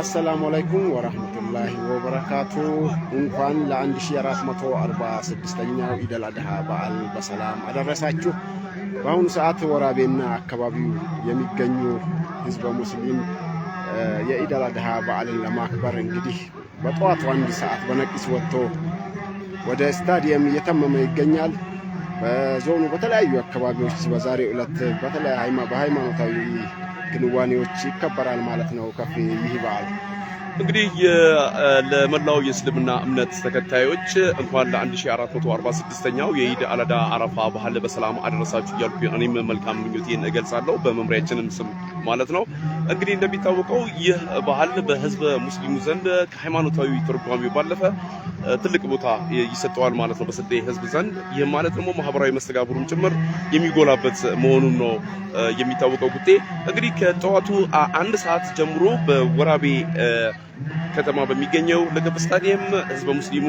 አሰላሙ አለይኩም ወረህመቱላሂ ወበረካቱ። እንኳን ለ አርባ ኛው ኢደል አድሃ በዓል በሰላም አደረሳችሁ። በአሁኑ ሰዓት ወራቤና አካባቢው የሚገኙ ህዝበ ሙስሊም የኢደል አድሃ በዓልን ለማክበር እንግዲህ በጠዋቱ አንድ ሰዓት በነቂስ ወጥቶ ወደ ስታዲየም እየተመመ ይገኛል። በዞኑ በተለያዩ አካባቢዎች በዛሬ ዕለት በተለያ በሃይማኖታዊ ክንዋኔዎች ይከበራል ማለት ነው። ከፌ ይህ በዓል እንግዲህ ለመላው የእስልምና እምነት ተከታዮች እንኳን ለ1446ኛው የኢድ አልአድሃ አረፋ ባህል በሰላም አደረሳችሁ እያልኩ እኔም መልካም ምኞቴን እገልጻለሁ በመምሪያችንም ስም ማለት ነው። እንግዲህ እንደሚታወቀው ይህ ባህል በህዝበ ሙስሊሙ ዘንድ ከሃይማኖታዊ ትርጓሜው ባለፈ ትልቅ ቦታ ይሰጠዋል ማለት ነው በስልጤ ህዝብ ዘንድ። ይህም ማለት ደግሞ ማህበራዊ መስተጋብሩም ጭምር የሚጎላበት መሆኑን ነው የሚታወቀው። ጉጤ እንግዲህ ከጠዋቱ አንድ ሰዓት ጀምሮ በወራቤ ከተማ በሚገኘው ለገብ ስታዲየም ህዝበ ሙስሊሙ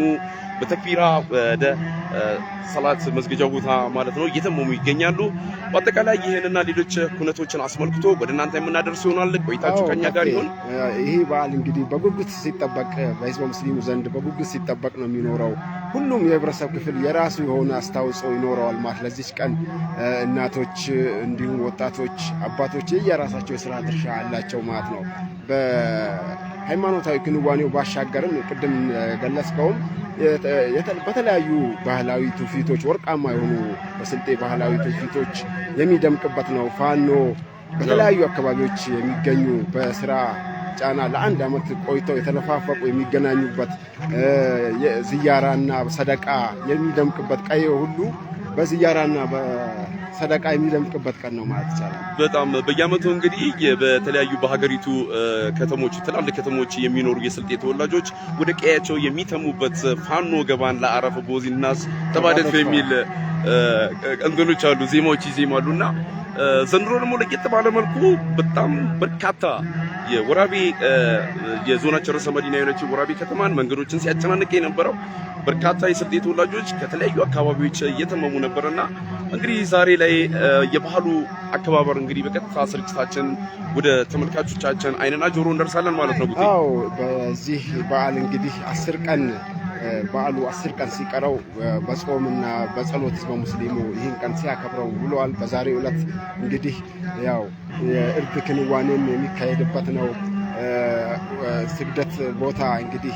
በተክቢራ ወደ ሰላት መስገጃ ቦታ ማለት ነው እየተመሙ ይገኛሉ። በአጠቃላይ ይህንና ሌሎች ኩነቶችን አስመልክቶ ወደ እናንተ የምናደርስ ይሆናል። ቆይታችሁ ከኛ ጋር ይሆን። ይህ በዓል እንግዲህ በጉጉት ሲጠበቅ በህዝበ ሙስሊሙ ዘንድ በጉጉት ሲጠበቅ ነው የሚኖረው። ሁሉም የህብረተሰብ ክፍል የራሱ የሆነ አስተዋጽኦ ይኖረዋል ማለት ለዚች ቀን እናቶች፣ እንዲሁም ወጣቶች፣ አባቶች የየራሳቸው የስራ ድርሻ አላቸው ማለት ነው። ሃይማኖታዊ ክንዋኔው ባሻገርም ቅድም ገለጽከውም በተለያዩ ባህላዊ ትውፊቶች ወርቃማ የሆኑ በስልጤ ባህላዊ ትውፊቶች የሚደምቅበት ነው። ፋኖ በተለያዩ አካባቢዎች የሚገኙ በስራ ጫና ለአንድ ዓመት ቆይተው የተለፋፈቁ የሚገናኙበት ዝያራና ሰደቃ የሚደምቅበት ቀየ ሁሉ በዝያራና ሰደቃ የሚደምቅበት ቀን ነው ማለት ይቻላል። በጣም በየአመቱ እንግዲህ በተለያዩ በሀገሪቱ ከተሞች ትላልቅ ከተሞች የሚኖሩ የስልጤ ተወላጆች ወደ ቀያቸው የሚተሙበት ፋኖ ገባን ለአረፈ ቦዚናስ ተባደት በሚል እንትኖች አሉ ዜማዎች ይዜማሉ እና ዘንድሮ ደግሞ ለየት ባለ መልኩ በጣም በርካታ የወራቤ የዞናችን ርዕሰ መዲና የሆነችው ወራቤ ከተማን መንገዶችን ሲያጨናንቅ የነበረው በርካታ የስልጤ ተወላጆች ከተለያዩ አካባቢዎች እየተመሙ ነበርና እንግዲህ ዛሬ ላይ የባህሉ አከባበር እንግዲህ በቀጥታ ስርጭታችን ወደ ተመልካቾቻችን አይንና ጆሮ እንደርሳለን ማለት ነው። ጉ በዚህ በዓል እንግዲህ አስር ቀን በዓሉ አስር ቀን ሲቀረው በጾምና በጸሎት በሙስሊሙ ይህን ቀን ሲያከብረው ውለዋል። በዛሬ ዕለት እንግዲህ ያው የእርድ ክንዋኔም የሚካሄድበት ነው። ስግደት ቦታ እንግዲህ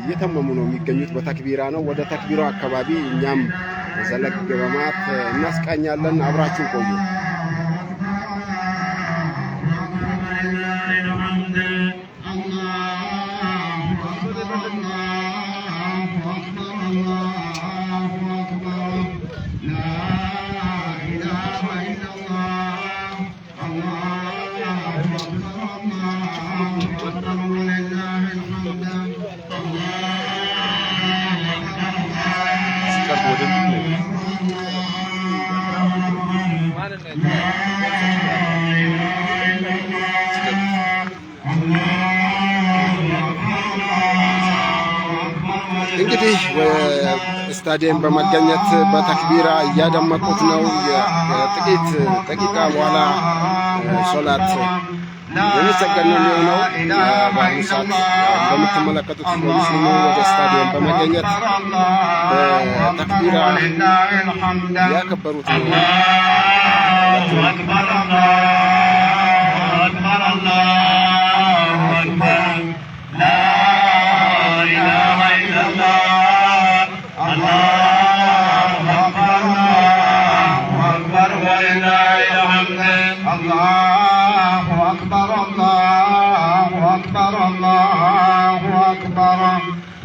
እየተመሙ ነው የሚገኙት። በተክቢራ ነው። ወደ ተክቢራው አካባቢ እኛም ዘለግ በማት እናስቃኛለን። አብራችሁ ቆዩ። እንግዲህ ስታዲየም በመገኘት በተክቢራ እያደመቁት ነው። ጥቂት ደቂቃ በኋላ ሶላት የሚሰገነው የሆነው የአርባቱ ሰዓት በምትመለከቱት ሙስሊሙ ወደ ስታዲየም በመገኘት በተክቢራ ያከበሩት ነው።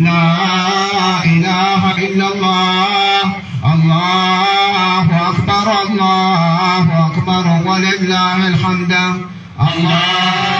لا إله إلا الله الله أكبر الله أكبر ولله الحمد الله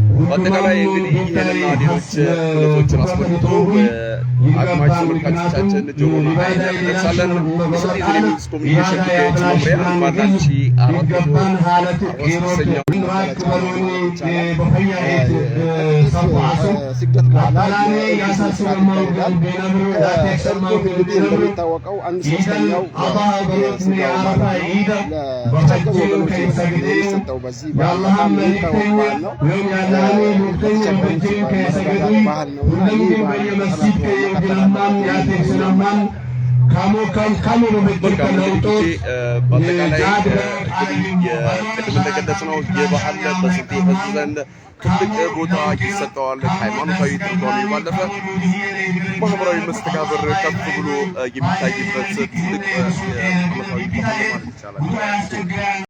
በአጠቃላይ እንግዲህ ይህንን ሌሎች ክለቦችን አስመልክቶ አቅማችን ምርቃቶቻችን ጆሮ እንግዲህ በአጠቃላይ እንደተገለጸ ትልቅ ቦታ ይሰጠዋል። ሃይማኖታዊ ትርጓሜ ባለፈ ማህበራዊ መስተጋብር ከፍ ብሎ የሚታይበት ትልቅ ዓመታዊ ይቻላል።